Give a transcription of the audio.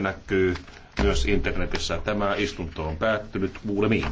näkyy myös internetissä. Tämä istunto on päättynyt. Kuulemiin.